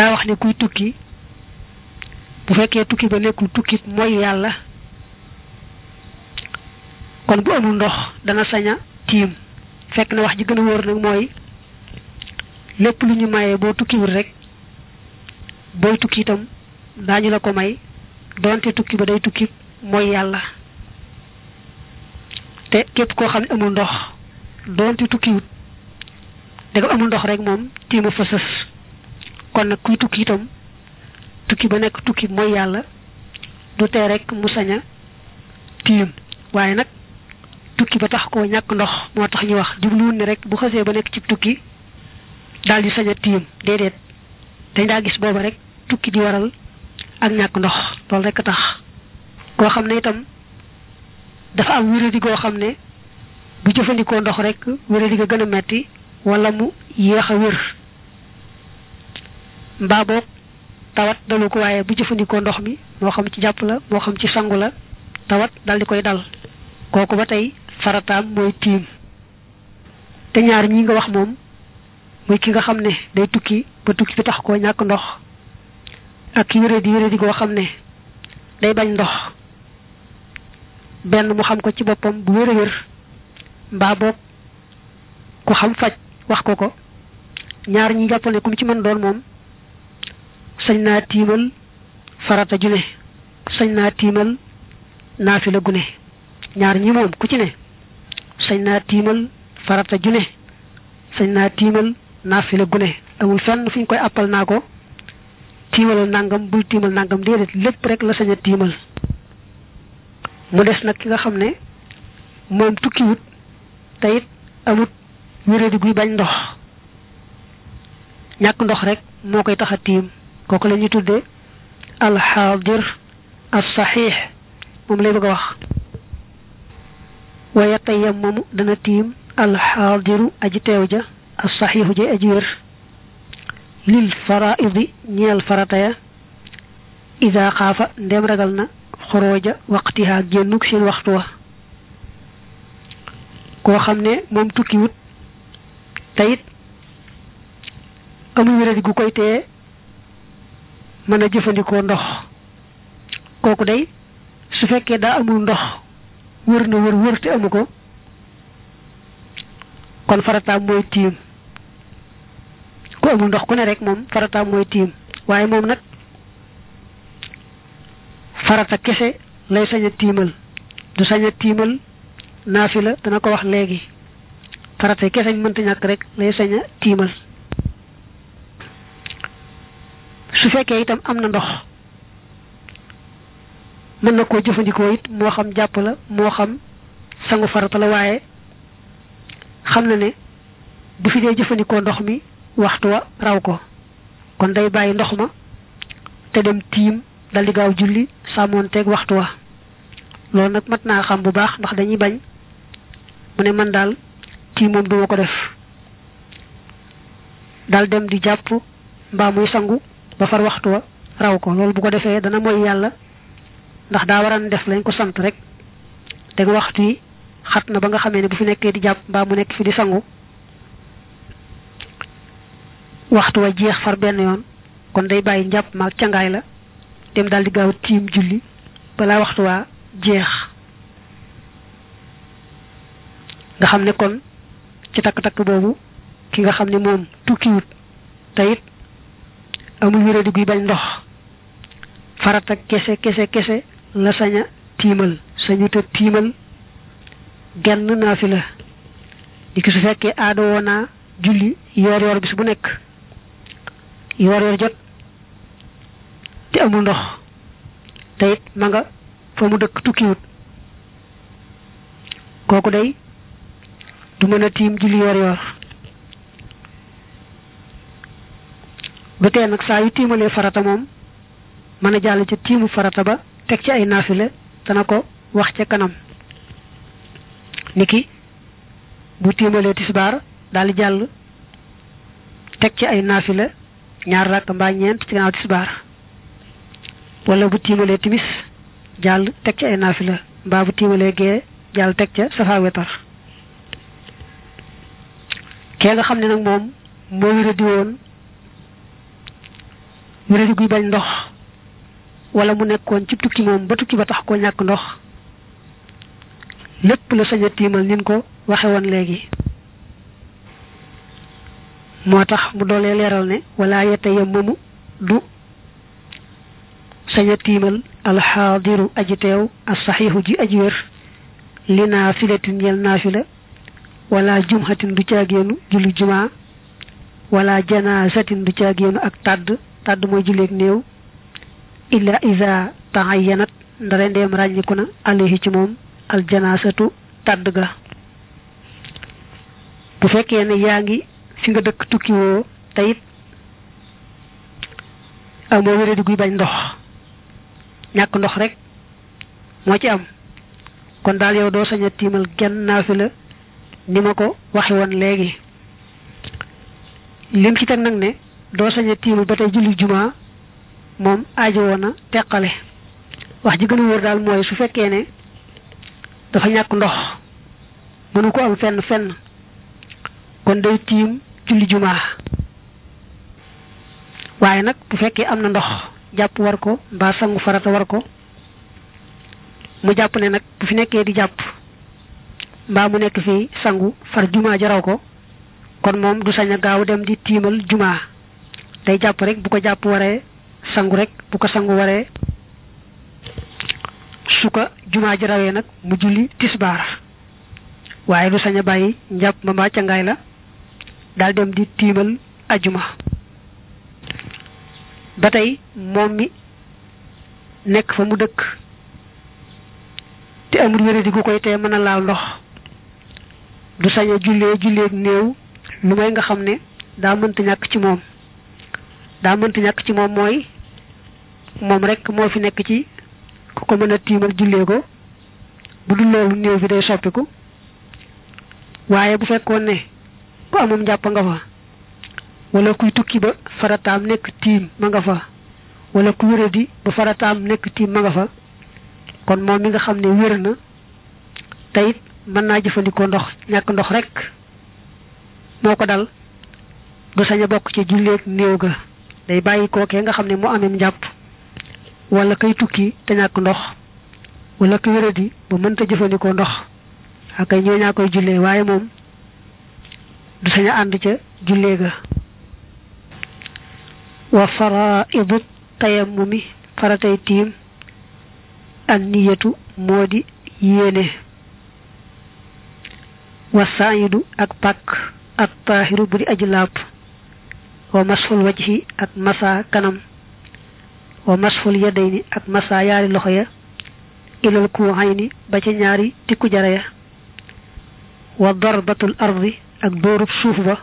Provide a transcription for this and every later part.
daa wax ne kuy tukki bu fekkee tukki ba nekkul tukki mooy yàlla kon bu amul ndox dana sañ a tiim fekk na wax ji gën a wóor nag mooy lépp lu ñu mayee boo tukkiwul rek booy tukki itam daañu la ko may donte tukki ba day tukki mooy yàlla te képp koo xam ne amul ndox doonte tukkiwut da amul ndox rek moom tiimu fa kon nag kuy tukki itam tukki ba nekk tukki mooy yàlla du tee rek mu sañ a tiim waaye nag tukki ba tax koo ñàkk ndox moo tax ñu wax jubluwul ni rek bu xasee ba nekk ci tukki daal di sañ a tiim déedéet dañ daa gis booba rek tukki di waral ak ñàkk ndox loolu rek tax koo xam ne itam dafa am wéradi goo xam ne bu jëfandikoo ndox rek wéradi a gën a metti wala mu yéex wér mbaa tawat dalu ko waaye bu jëfandikoo ndox mi moo xam ci jàpp la moo xam ci sangu la tawat dal di koy dal kooku ba tey farataam mooy tiim te ñaar ñi nga wax moom muy ki nga xam ne day tukki ba tukki bi tax koo ñàkk ndox ak ki wéradi wéradi goo xam ne day bañ ndox benn mu xam ko ci boppam bu wér a wér mbaa boog ku xam faj wax ko ko ñaar ñi jàpp ku mu ci mën doon moom sañ naa tiimal farata ju ne sañ naa tiimal naafila gu ne ñaar ñi moom ku ci ne sañ naa tiimal farata ju ne sañ naa tiimal naafila gu ne amul fenn koy appal naa ko tiimalal nangam bul tiimal nangam déedéet lépp rek la sañ a tiimal mu des nag ki nga xam ne moom tukkiwut te it amut wéradi guy bañ ndox ñàkk ndox rek moo koy tax a tiim kooku la ñuy tuddee alxaadir alsaxiix moom lay bëgg a wax wa yatayamamu dana tiim alxaadiru aji teew ja alsaxiixu ja aji wér lil faraidi ñeel farataya ida xaafa ndem ragal na xorooja waxtihaa génnuk seen waxtu wa koo xam ne moom tukkiwut te it amul wéradi gu koy teye mën a jëfandikoo ndox kooku day su fekkee daa amul ndox wër na wër wër te amu ko kon farataam mooy tiim ku amul ndox ku ne rek moom farataam mooy tiim waaye moom nag farata kese lay sañ a tiimal du sañ a naafila dana ko wax léegi farata kese ñu mënta ñàkk rek lay sañ a su fekkee itam am na ndox mën na koo jëfandikoo it moo xam jàpp la moo xam sangu farata la waaye xam na ne bu fi dee jëfandikoo ndox mi waxtu wa raw ko kon day bàyyi ndox ma te dem tiim dal di gaaw julli sàmmoonteeg waxtu wa loolu nag mat naa xam bu baax ndax dañuy bañ mu ne mën daal tiim moom duma ko def daal dem di jàpp mbaa muy sangu ba far waxtu wa raw ko loolu bu ko defee dana mooy yàlla ndax daa waran def lañ ko sant rek te waxtu yi xat na ba nga xamee ne bu fi nekkee di jàpp mbaa mu nekk fi di sangu waxtu wa jeex far benn yoon kon day bàyyi njàpp maag cangaay la dem daal di gaaw tiim julli balaa waxtu waa jeex nga xam ne kon ci takk-takk boobu ki nga xam ne moom tukkiwut te amul wéradi guy bañ ndox farata kese kese kese la saña tiimal sañuta tiimal genn naafila di ki su fekkee aada woo naa julli yoor yoor bis bu nekk yoor yoor jot te amul ndox te it ma nga fa mu dëkk tukkiwut kooku day du mën a tiim julli yoor yoor du tee nag saa yu tiimalee farata moom mën a jàll ca tiimu farata ba teg ci ay naafila dana ko wax ca kanam niki bu tiimalee tisbaar daal di jàll teg ci ay naafila ñaar rakk mbaa ñeent ci gannaaw wala bu tiimalee timis jàll teg ci ay naafila mbaa bu tiimalee gee jàll teg ca safa wetar kee nga xam ne nag moom moo wéra di woon wéradi guy bañ ndox wala mu nekkoon ci tukki moom ba tukki ba tax ko ñàkk ndox lépp la sañ a tiimal nin ko waxe woon léegi moo tax mu doolee leeral ne wala yette yamamu du sañ a tiimal alxaadiru aji teew asaxiixu ji aji wér li naafilatin ñeel naafila wala jumhatin du caageenu julli jumaa wala janaasatin du caageenu ak tàdd kàddu mooy julleeg néew illa isa taayyanat ndare ndeem ràññiku na alayhi ci moom aljanaasatu tàdd ga bu fekkee ne yaa ngi fi nga dëkk tukki woo tayit amoo wéré guy bañ ndox ñàkk ndox rek moo ci am kon daal yow doo sañ a tiimal genn naafila ni ma ko waxe woon léegi lim ci teg nag ne doo sañ a tiimu ba tey julli juma moom aajo na teqale wax ji gën a daal mooy su fekkee ne dafa ñàkk ndox mënu ko am fenn fenn kon day tiim julli juma waaye nag bu fekkee am na ndox jàpp war ko mbaa sangu farata war ko mu jàpp ne nag bu fi nekkee di jàpp mbaa mu nekk fi sangu far jumaa jaraw ko kon moom du sañ a gaaw dem di tiimal jumaa day jàpp rek bu ko jàpp waree sangu rekk bu ko sangu waree su ko jumaa ji rawee nag mu julli tisbaar waaye du sañ bàyyi njàpp ma mbaa cangaay la daal dem di tiimal ajuma ba tey moom mi nekk fa mu dëkk te amul wéré gu koy tee mën a laal ndox du sañ a jullee julleeg néew lu may nga xam ne daa mënta ñàkk ci moom daa mënta ñàkk ci moom mooy moom rek moo fi nekk ci ku ko mën a tiim jullee ko bu dul loolu néew bi day soppiku waaye bu fekkoon ne ku amum njàpp nga fa wala kuy tukki ba farataam nekk tiim ma nga fa wala ku wéra di ba farataam nekk tiim fa kon moom mi nga xam ne wér na teyit mën naa jëfandikoo ndox ñàkk ndox rek moo ko dal du sañ a bokk ci julleeg néew ga day bàyyi kookee nga xam ne mu amem njàpp wala kay tukki te ñàkk ndox wala ku wéradi bu mënta jëfandikoo ndox ak ay ñooñaa koy jullee waaye moom du sañ ànd ca jullee ga wa faraidu tayammumi faratay tiim an niyatu moo di yéene wa saayidu ak pàkk ak taahiru bu di aji laab wa masful wajhi ak masa kanam wa masful yadayni ak masa yaari loxo ya ilal kuhayni ba ca ñaari tikku jara ya wa darbatul ardi ak dóorub suuf ba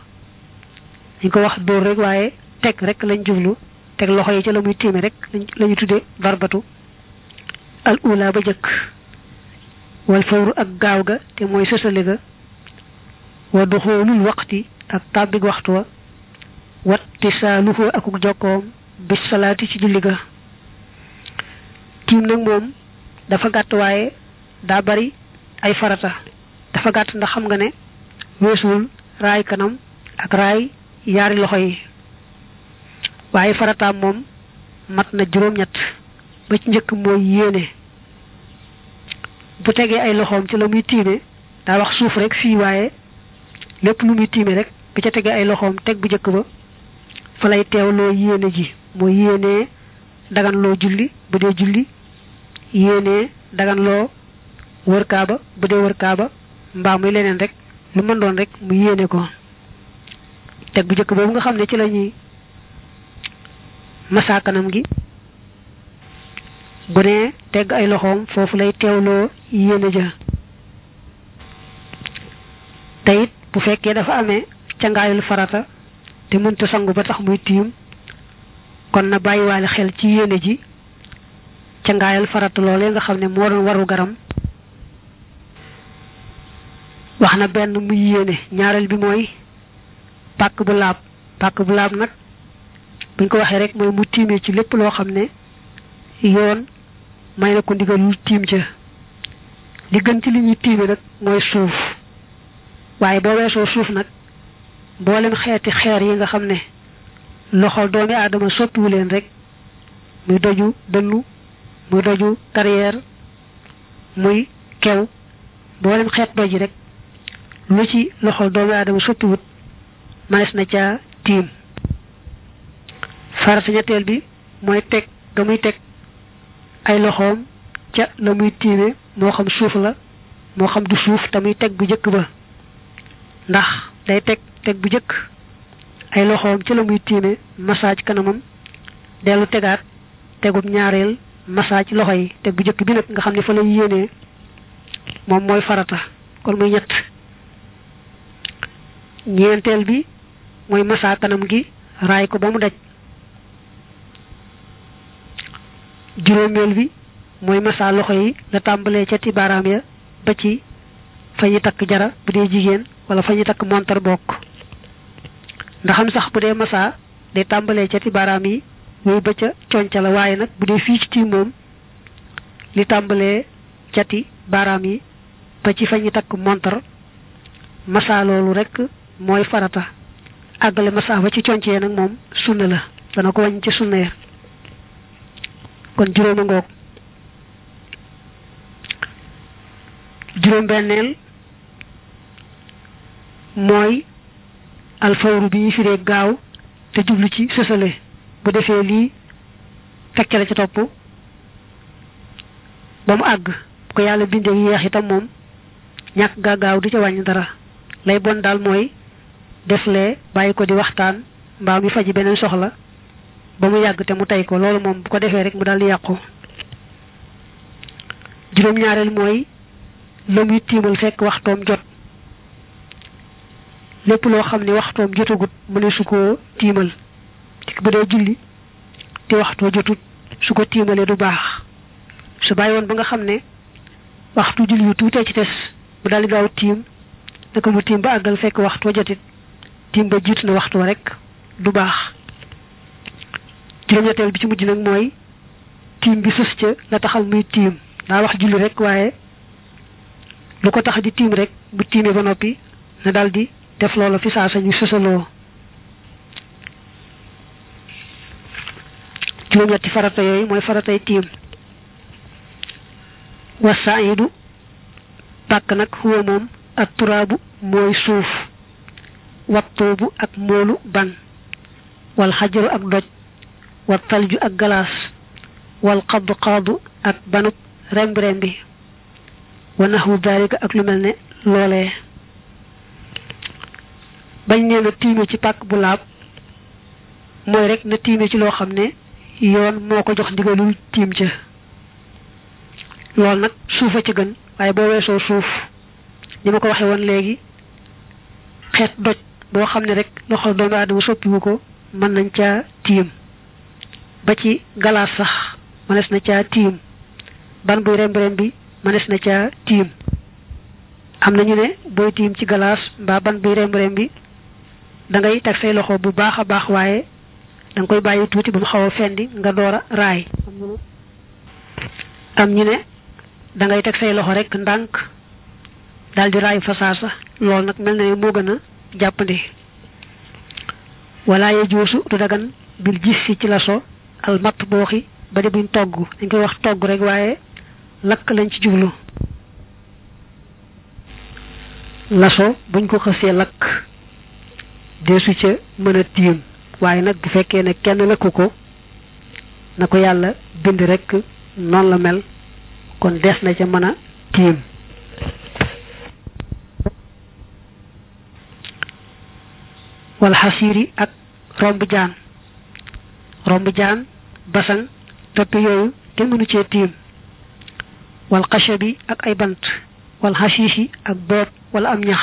ñu ko wax dóor rek waaye teg rekk lañ jublu teg loxo yi ca la muy tiime rek la ñu tudde darbatu al ula ba jëkk wal fawru ak gaaw ga te mooy sësale ga wa duxoolul waqti ak tàbbig waxtu wa wattisaaluhu ak jokkoom bis salaati ci julli ga tiim nag moom dafa gàtt waaye daa bari ay farata dafa gàtt ndax xam nga ne weesuwul raay kanam ak raay yaari loxo yi waaye farataam moom mat na juróom-ñett ba ci njëkk mooy yéene bu tegee ay loxoom ci la muy tiime daa wax suuf rek fii waaye lépp lu muy tiime rek bi ca tegee ay loxoom teg bu njëkk ba fa lay teewloo yéene ji mooy yéenee daganloo julli bu dee julli yéenee daganloo wër kaaba bu dee wër kaaba mbaa muy leneen rek lu mën doon rek mu yéene ko teg bu njëkk boobu nga xam ne ci la ñuy masaa kanam gi bu ne tegg ay loxoom foofu lay teewloo yéene ja te bu fekkee dafa amee cangaayul farata te mënta sangu ba tax muy tiim kon na bàyyiwaale xel ci yéene ji ca ngaayal farata nga xam ne moo doon waru garam wax na benn muy yéene ñaareel bi mooy pàkk bu laab pàkk bu laab nag buñ ko waxee rek mooy mu tiime ci lépp loo xam ne yoon may na ko ndigalul tiim ca li gën ci li ñuy tiime nag mooy suuf waaye boo weesoo suuf nag mboolem xeeti xeer yi nga xam ne loxo doomi aadama sottiwu leen rek muy doju dënnu muy doju carrière muy kew mboolem xeet doj rek lu ci loxo doomi aadama sottiwut manes na ca tiim farata ñetteel bi mooy teg ga muy teg ay loxoom ca la muy tiime moo xam suuf la moo xam du suuf te muy teg bu jëkk ba ndax day teg teg bu jëkk ay loxoom ci la muy tiime massage kanamam dellu tegaat tegub ñaareel massage loxo yi teg bu jëkk bi nga xam ne fa lay moom mooy farata kon muy ñett ñeenteel bi mooy massage kanam gi raay ko ba mu daj juróomeel bi mooy masaa loxo yi la tàmbalee ca ti baaraam ba ci fa ñuy takk jara bu dee jigéen wala fa ñuy takk montar bokk ndaxam sax bu dee masa day tàmbalee cati baaraam yi muy ba ca conca la waaye nag bu dee fii ci tiim moom li tàmbalee cati baaraam yi ba ci fa ñu takk montar masa loolu rek mooy farata àggale masa ba ci concee nag moom sunna la dana ko wàññi ci sunna ya kon juróoma ngoog juróom benneel mooy alfawru bi firee gaaw te jublu ci sësale bu defee lii fekkale ca topp ba mu àgg ko yàlla bindee yeex itam moom ñàkk gaa gaaw du ca wàññi dara lay bon daal mooy deflee bàyyi ko di waxtaan mbaa mi faji beneen soxla ba mu yàgg te mu tey ko loolu moom bu ko defee rek mu daal di yàqu juróom-ñaareel mooy la muy tiimal fekk waxtoom jot lépp loo xam ne waxtoom jotagut mëne su ko tiimal bu dee julli te waxtoo jotut su ko tiimalee du baax su bàyyi woon ba nga xam ne waxtu julli yu tuutee ci des mu daal di gaaw tiim naka mu tiim ba àggal fekk waxtoo jotit tiim ba jiit na waxtoo rek du baax juróom-ñetteel bi ci mujj nag mooy tiim bi sës ca la taxal muy tiim daa wax julli rek waaye lu ko tax di tiim rek bu tiimee ba noppi na daal di def loola fi ñu sësaloo juróom-ñetti farata yooyu mooy faratay tiim wasaidu pàkk nag huwa moom ak turaabu mooy suuf wattuubu ak moolu ban wal xajaru ak doj wal talju ak galaas wal xaddu xaddu ak banub remb rembi wa naxwu daalika ak lu mel ne loolee bañ ne na tiime ci pàkk bu laab mooy rek na tiime ci loo xam ne yoon moo ko jox ndigalul tiim ca loolu nag suufa ci gën waaye boo weesoo suuf ni ma ko waxee woon léegi xeet doj boo xam ne rek loxo doomu aadama soppiwu ko mën nañ caa tiim ba ci galaas sax mënees na caa tiim ban buy remb remb bi mënees na caa tiim am na ñu ne booy tiim ci galaas mbaa ban buy remb remb bi dangay teg say loxo bu baax a baax waaye da koy bàyyi tuuti bu mu xaw a fendi nga door raay am ñu ne dangay teg say loxo rek ndànk daal di raay fasaa sax loolu nag mel na ne moo gën a jàppandi wala ye juusu du dagan bil gis si ci laso so al matt booxi ba de buñ togg dañ koy wax togg rek waaye lakk lañ ci jublu laso buñ ko xësee lakk deesu ca mën a tiim waaye nag bu fekkee ne kenn lëkku ko na ko yàlla bind rekk noonu la mel kon des na ca mën a tiim wal xasiiri ak romb jaan romb jaan basan topp yooyu te mënu cee tiim wal xashabi ak ay bant wal xashiishi ak boob wala am ñax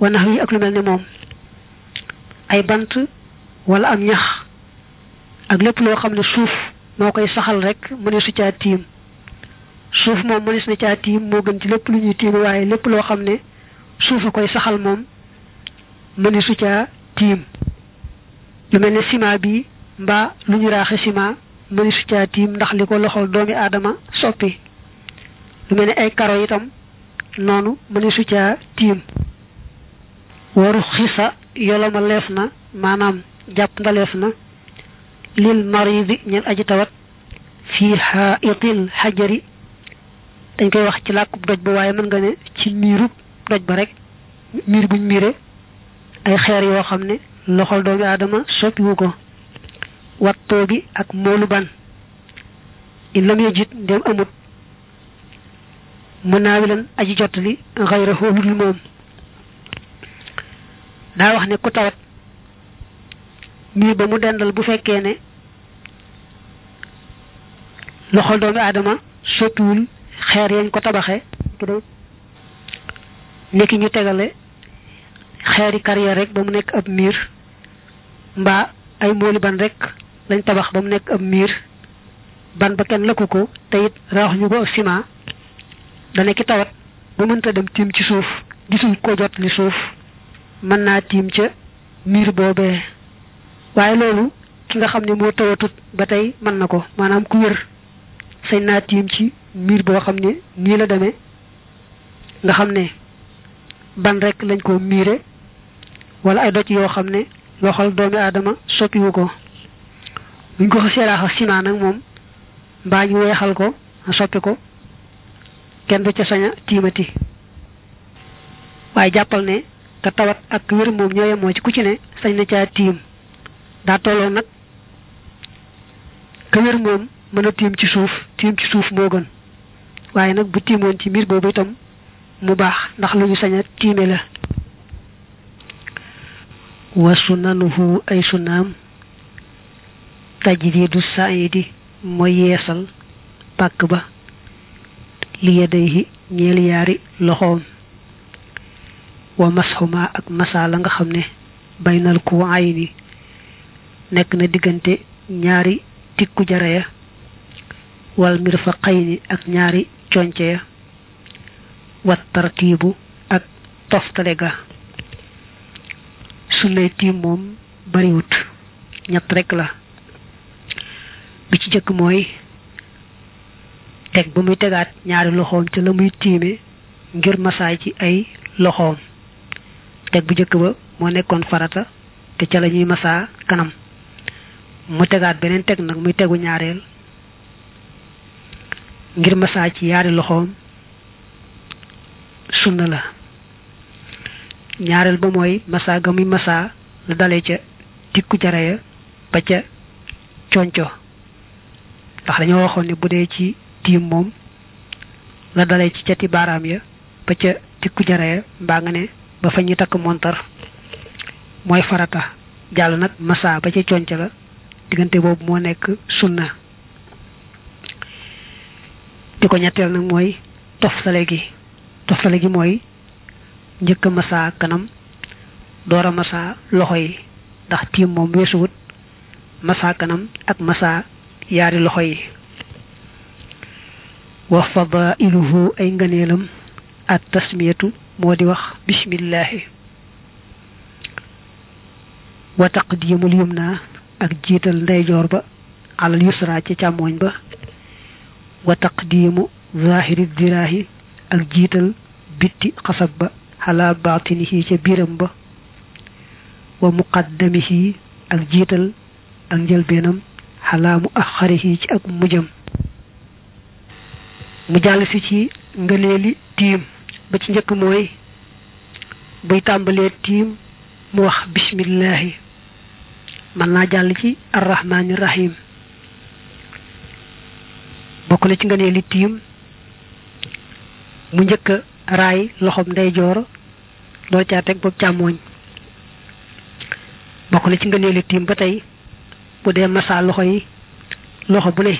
wanax yi ak lu mel ni moom ay bant wala am ñax ak lépp loo xam ne suuf moo koy saxal rek mëneesu caa tiim suuf moom mënees na caa tiim moo gën ci lépp lu ñuy tiim waaye loo xam ne suuf a koy saxal moom mëneesu caa tiim lu mel ne ciment bi mbaa lu ñu raaxe ciment mëneesu caa tiim ndax li ko loxol doomi aadama soppi lu mel ne ay karo itam noonu mëneesu caa tiim waru xisa yoloma leef na maanaam jàpp ndaleef na lil maridi ñel aji fii xaitil xajari dañ koy wax ci làkkub doj ba waaye mën nga ne ci miirub doj ba rek miir buñ miire ay xeer yoo xam ne loxol doomi aadama soppiwu ko wattoo gi ak moolu ban in lam yejit ndem amut mën naawi leen aji jottali xayrahu lu moom daa wax ne ku tawat nii ba mu dendal bu fekkee ne loxol doomi aadama sottiwul xeer yañ ko tabaxe niki ñu tegale xeeri carrière rek ba mu nekk ab miir mbaa ay mooli ban rek lañ tabax ba mu nekk ab miir ban ba kenn lëkku ko te it raax ñu ko ab ciment dana ki tawat ba mënta dem tiim ci suuf gisuñ ko jot li suuf mën naa tiim ca miir boobee waaye loolu ki nga xam ne moo tawatut ba tey mën na ko maanaam ku wér sañ naa tiim ci miir boo xam ne nii la demee nga xam ne ban rekk lañ ko miire walla ay doj yoo xam ne loxol doomi aadama soppiwu ko buñ ko xasee laax sinaa nag moom mbaa ñu weexal ko soppi ko kenn du ca sañ a tiimati waaye jàppal ne te tawat ak wér moom ñoo yemoo ci ku ci ne sañ na caa tiim daa tolloo nag ka moom mën a tiim ci suuf tiim ci suuf moo gën waaye nag bu tiimoon ci mbir boobu itam mu baax ndax lu ñu sañ tiime la wa sunanuhu ay sunaam tajdiidu saidi mooy yeesal pàkk ba li yadayhi ñeel yaari loxoom wa masxuma ak masaa la nga xam ne baynal ku ay ni nekk na diggante ñaari tikku jara ya wal mir fa xay ak ñaari conce ya wat tartiibu ak toftale ga su lay tiim moom bariwut ñett rek la bi ci jëkk mooy teg ba muy tegaat ñaari loxoom ca la muy tiime ngir masaa ci ay loxoom teg bu njëkk ba moo nekkoon farata te ca la ñuy masaa kanam mu tegaat beneen teg nag muy tegu ñaareel ngir masaa ci yaari loxoom sunna la ñaareel ba mooy masaa ga muy masaa la dalee ca tikku jara ya ba ca conco ndax dañoo waxoon ne bu dee ci tiim moom la dalee ci cati baaraam ya ba ca tikku jara ya mbaa nga ne ba fa ñuy takk montar mooy farata jàll nag masaa ba ci conc la diggante boobu moo nekk sunna di ko ñetteel nag mooy toftale gi toftale gi mooy njëkk a massa kanam door a massa loxo yi ndax tiim moom weesuwut masaa kanam ak masaa yaari loxo yi wa fadailuhu ay ngëneelam at tasmiyatu moo di wax bismillahi wa taqdimul yumna ak jiital ndeyjoor ba alal yusra ci càmmooñ ba wa taqdimu zahiri diraahi ak jiital bitti xasab ba ala baatinihi ca biiram ba wa muqaddamihi ak jiital ak njëlbeenam ala mu axarihi ci ak mujjam mu jàll ci ngëneeli tiim ba ci njëkk mooy buy tàmbalee tiim mu wax bismillahi mën naa jàll ci arrahmaani rahim na ci nga nee mu njëkk a loxo loxoom ndeyjoor doo caa teg boobu càmmooñ bokk na ci nga nee ba tey bu dee massa loxo yi loxo bu ne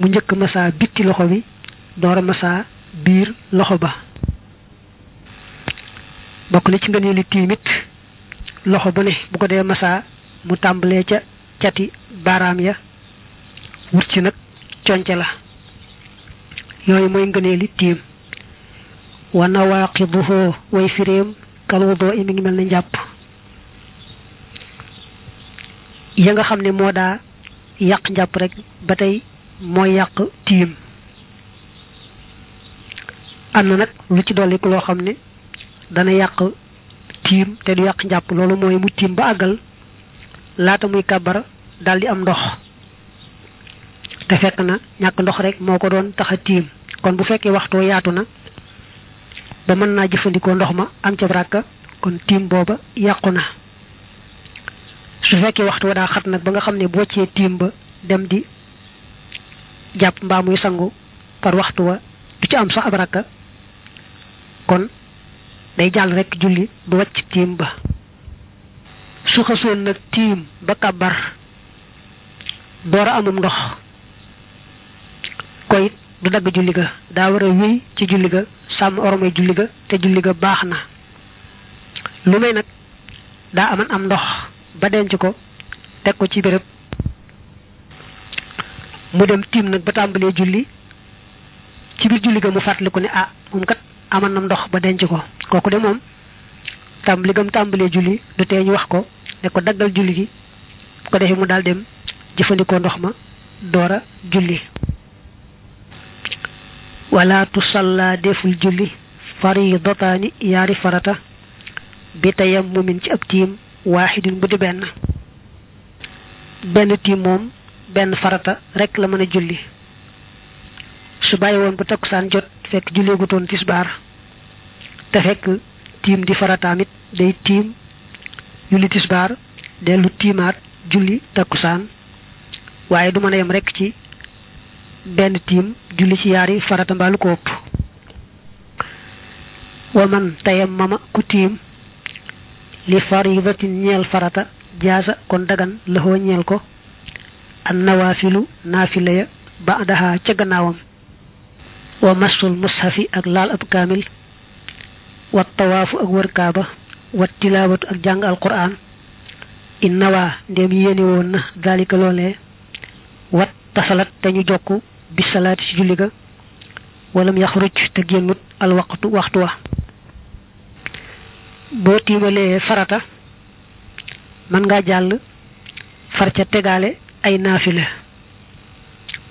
mu njëkk massa bitti loxo bi door masaa biir loxo ba bokk na ci ngëneelu tiim it loxo bu ne bu ko dee masaa mu tàmbalee ca cati baaraam ya wut ci nag conce la yooyu mooy ngëneeli tiim wa nawaaqiduhu way firéem kal wudoo i mi ngi mel na jàpp ya nga xam ne moo daa yàq jàpp rek ba tey mooy yàq tiim am na nag lu ci dolli ko loo xam ne dana yàq tiim te du yàq jàpp loolu mooy mu tiim ba àggal laata muy kàbbar daal di am ndox te fekk na ñàkk ndox rek moo ko doon tax a tiim kon bu fekkee waxtoo yaatu na ba mën naa jëfandikoo ndox ma am ca ràkka kon tiim booba yàqu na su fekkee waxtu wa daa xat nag ba nga xam ne boo wàccee tiim ba dem di jàpp mbaa muy sangu par waxtu wa du ci am sax ab ràkka kon day jàll rek julli ba wàcc tiim ba su xasoon nag tiim ba kàbbar door amum ndox koy du dagg julli ga daa war wéy ci julli ga sàmm oromay julli ga te julli ga baax na lu may nag daa aman am ndox ba denc ko teg ko ci béréb mu dem tiim nag ba tàmbalee julli ci biir julli ga mu fàttaliku ne ah moom kat aman na ndox ba denc ko kooku de moom tàmbali gam tàmbalee julli du tee ñu wax ko ne ko daggal julli gi bu ko defee mu daal dem jëfandikoo ndox ma doora a julli wala tusalla deful julli faridataani yaari farata bi tayammumin ci ab tiim waaxidin bu di benn benn tiim moom benn farata rekk la mën a julli su bàyyi woon bu takkusaan jot fekk julleegu toon tisbaar te fekk tiim di farataamit day tiim julli tisbaar dellu tiimaat julli takkusaan waaye du mën a yem rekk ci benn tiim julli ci yaari farata mbaa lu ko ëpp wa mama ku tiim li faridatin ñeel farata jaasa kon dagan laxoo ñeel ko an naafila ya ba daxa ca gannaawam wa masul mushafi ak laal ab kaamil wa tawaafu ak wër kaaba wa tilaabatu ak jàng alquran in nawaa ndéem yéene woon na daalika loolee wat tasalat te ñu jokk bi salaati ci julli ga walam yaxruj te génnut al waxtu wa boo tiimalee farata mën ngaa jàll far ca tegaale ay naafila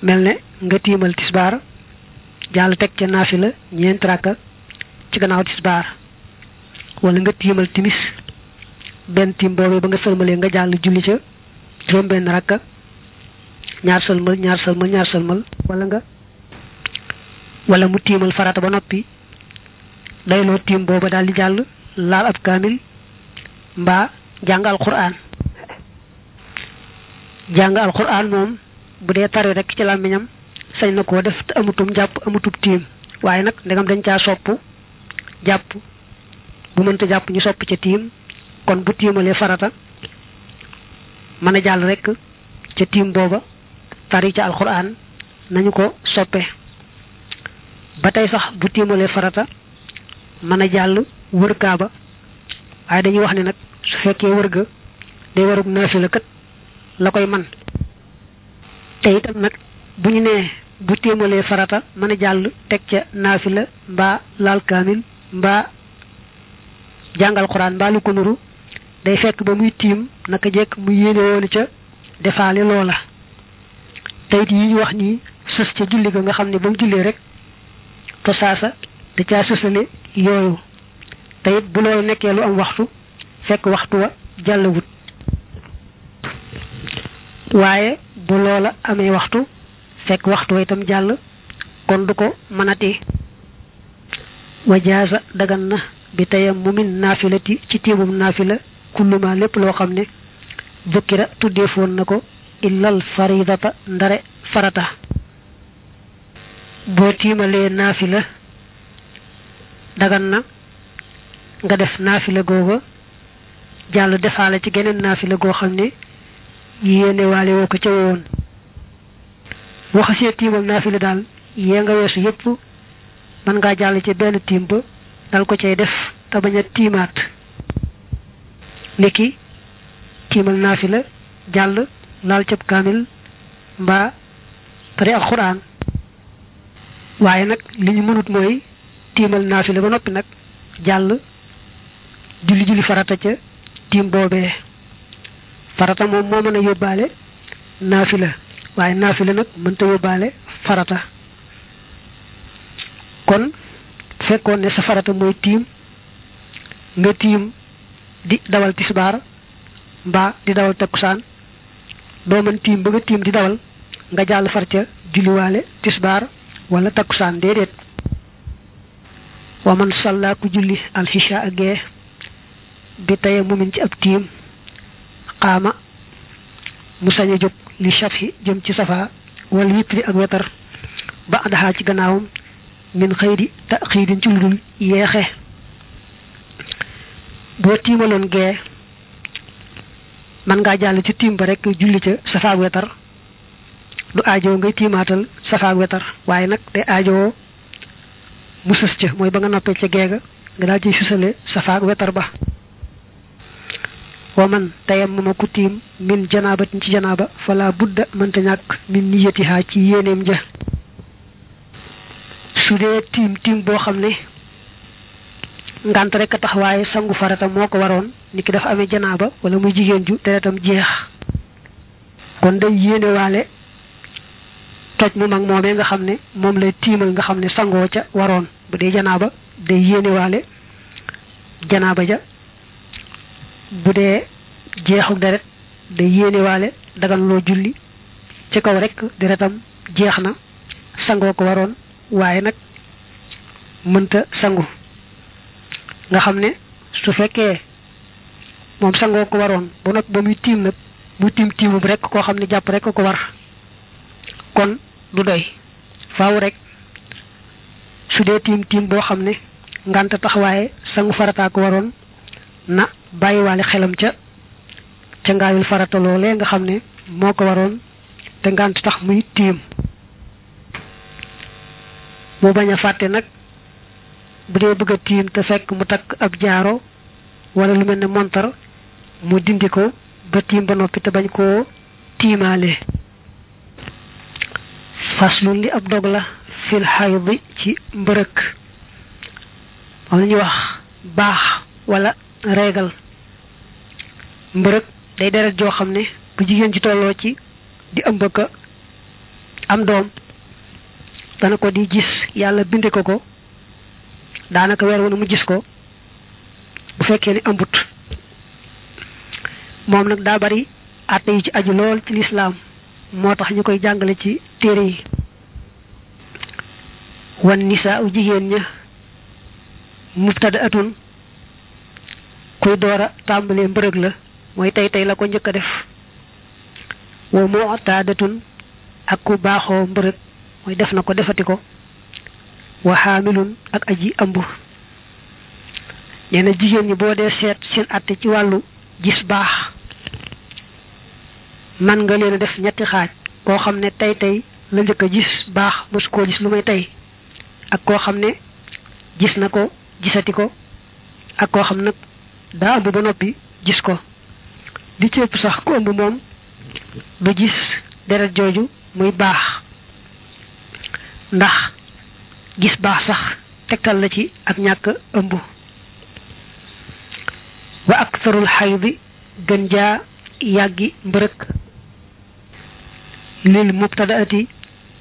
mel ne nga tiimal tisbaar jàll teg ca naafila ñeent rakka ci gannaaw tisbaar wala nga tiimal timis benn tiim boobee ba nga sëlmalee nga jàll julli ca juróom benn rakka ñaar sëlmal ñaar sëlmal ñaar sëlmal wala nga wala mu tiimal farata ba noppi dayloo tiim booba daal di jàll laal ab kaamil mbaa jàng alquran jàng alquran moom bu dee tare rek ci làmmiñam sañ na koo def te amutum jàpp amutub tiim waaye nag ndegam dañ caa sopp jàpp bu mënta jàpp ñu sopp ca tiim kon bu tiimalee farata mën a jàll rek ca tiim booba tari ca alxuraan nañu ko soppe ba tey sax bu tiimalee farata mën a jàll wër kaaba waaye dañuy wax ne nag su fekkee wër ga day warug naafila kat la koy man te itam nag bu ñu nee bu téemalee farata mën a jàll teg ca naafila mbaa laal kaamil mbaa jàngal xuraan mbaa lu ko nuru day fekk ba muy tiim naka jekk mu yéene ca defale loola tayit yi ñu wax ni sës ca julli ga nga xam ne ba mu jullee rek to saasa da caa sësale yooyu tayit bu loolu nekkee lu am waxtu fekk waxtu wa jàllawut waaye bu loola amee waxtu fekk waxtu wa itam jàll kon du ko mënati wajaaza dagan na bi tayammumin naafilati ci tiimum la kulluma lépp loo xam ne dukkira tuddeefoon na ko illal faridata ndare farata boo tiimalee la dagan na nga def naafila googa jàll defaale ci geneen la goo xam ne yéene waale woo ko ca waxasee tiimal naafila daal yee nga weesu yëpp mën ngaa jàll ci benn tiim ba dal ko cay def te bañ a tiimaat niki tiimal naafila jàll laal cab kaamil mbaa tari ak xuraan waaye nag li ñu mënut mooy tiimal naafila ba noppi nag jàll julli julli farata ca tiim boobee farata moom moo a yóbbaale naafila waaye naafila nag mënta yóbbaale farata kon fekkoon ne sa farata mooy tiim nga tiim di dawal tisbaar mbaa di dawal takkusaan doo man tiim ba nga tiim di dawal nga jàll far ca julliwaale tisbaar wala takkusaan déedéet wa man salla ku julli alxisha ak gee bi teye mumin ci ab tiim xaama mu sañ a jóg li shafi jëm ci safa wala witri ak wetar ba adaxaa ci gannaawam min xëy di ta xëy din ci ludul yeexe boo tiimaloon gee man ngaa jàll ci tiim ba rek julli ca safa ak wetar du ajoo ngay tiimaatal safa ak wetar waaye nag te aajoo mu sës ca mooy ba nga noppee ca geega nga daal ciy sësale safa ak wetar ba wa man tayammama ku tiim min janaabatin ci janaaba fala budda mënta ñàkk min niyatiha ci yéeneem ja su dee tiim boo xam ne ngant waaye sangu farata moo ko waroon ni ki dafa amee janaaba wala muy jigéen ju deretam jeex kon day yéenewaale toj mu mag moomee nga xam ne moom lay tiimal nga xam ne sangoo ca waroon bu dee janaaba day yéenewaale janaaba ja bu dee jeexu deret day yéenewaale dagan loo julli ci kaw rek deretam jeex na sangoo ko waroon waaye nag mënta sangu nga xam ne su fekkee moom sangoo ko waroon ba nag ba muy tiim nag bu tiim tiimum rek koo xam ne jàpp rek ko war kon du doy faw rekk su dee tiim tiim boo xam ne ngànt tax waaye sangu farataa ko waroon na bàyyiwaale xelam ca ca ngaayul farata loolee nga xam ni moo ko waroon te ngant tax muy tiim mu bañ a fàtte nag bu dee bëgg tiim te fekk mu takk ab jaaro wala lu mel ne montar mu dindi ko ba tiim ba noppi te bañ koo tiimaale faslun li ab dog la fil xaydi ci mbërëk am na ñuy wax baax wala reegal mbërëg day deret joo xam ne bu jigéen ci tolloo ci di ëmb ka am doom dana ko di gis yàlla binde ko ko daanaka weer wu ne mu gis ko bu fekkee ne ëmbut moom nag daa bari àtte yi ci aju lool ci lislaam moo tax ñu koy jàngale ci téere yi wan nisaa u jigéen ña mubtada atun kuy door a tàmbalee mbërëg la mooy tey tey la ko njëkk a def wa mu'tadatun ak ku baaxoo mbërëg mooy def na ko defati ko wa ak aji ëmb nee na jigéen ñi boo dee seet seen àtte ci wàllu gis baax man nga leen a def ñetti xaaj koo xam ne tey tey la njëkk a gis baax mosu koo gis lu may tey ak koo xam ne gis na ko gisati ko ak koo xam nag daa ëmb ba noppi gis ko li ci sax ku ëmb moom ba gis deret jooju muy baax ndax gis baax sax tegtal la ci ak ñàkk ëmb wa aktarul xaydi gën jaa yàggi mbërëk lil mubtadaati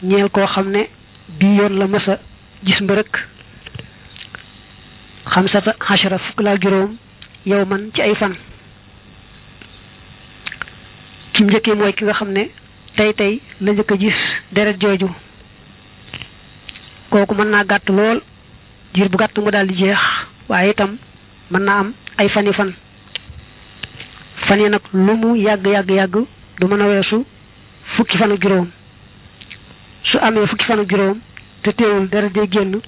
ñeel koo xam ne bii yoon la mësa gis mbërëk xamsata xashara fukk laa juróom yow man ci ay fan ki mu njëkkee mooy ki nga xam ne tey tey la njëkk a gis deret jooju kooku mën naa gàtt lool jiir bu gàtt mu daal di jeex waaye itam mën naa am ay fani fan fan yi nag lu mu yàgg yàgg yàgg du mën a weesu fukki fanu juróom su amee fukki fanu juróom te teewul deret day génn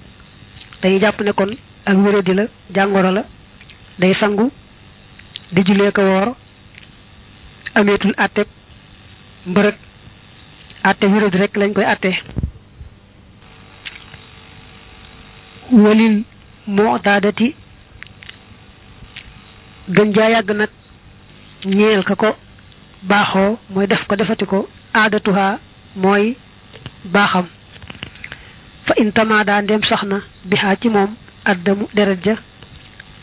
dañuy jàpp ne ak wéradi la jàngoro la day sangu di julee ko woor ameetul àtte mbërëg àtte wérad rek lañ koy àtte walil moo daadati gën jaa yàgg nag ñeel ka ko baaxoo mooy def ko defati ko aadatuha mooy baaxam fa in tamaada ndem sax na bihaa ci moom addamu deret ja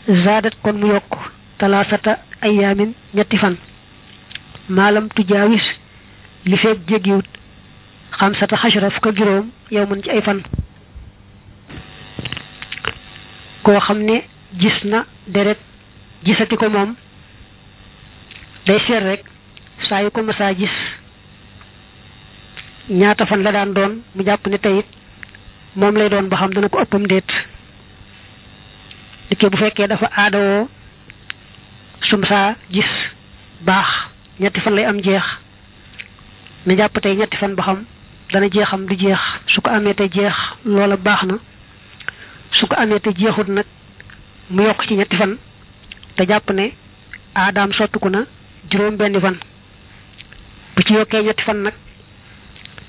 zaadat kon mu yokk talaasata ayaamin ñetti fan maalam tujaawis li feeg jéggiwut xamsata xashara fukk ak juróom yow mën ci ay fan koo xam ne gis na deret gisati ko moom day seet rek saa yu ko masaa gis ñaata fan la daan doon mu jàpp ni tey moom lay doon ba xam dana ko ëppam déet niki bu fekkee dafa aada sum saa gis baax ñetti fan lay am jeex na jàpp tey ñetti fan ba xam dana jeexam du jeex su ko amee te jeex loola baax na su ko amee te jeexut nag mu yokk ci ñetti fan te jàpp ne aadaam sottiku na juróom benni fan bu ci yokkee ñetti fan nag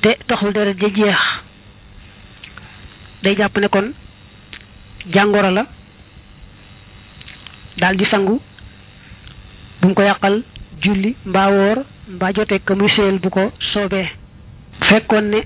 te taxul deret ja jeex day jàpp ne kon jàngoro la daal di sangu bu mu ko yàqal julli mbaa woor mbaa bu ko soobee fekkoon ne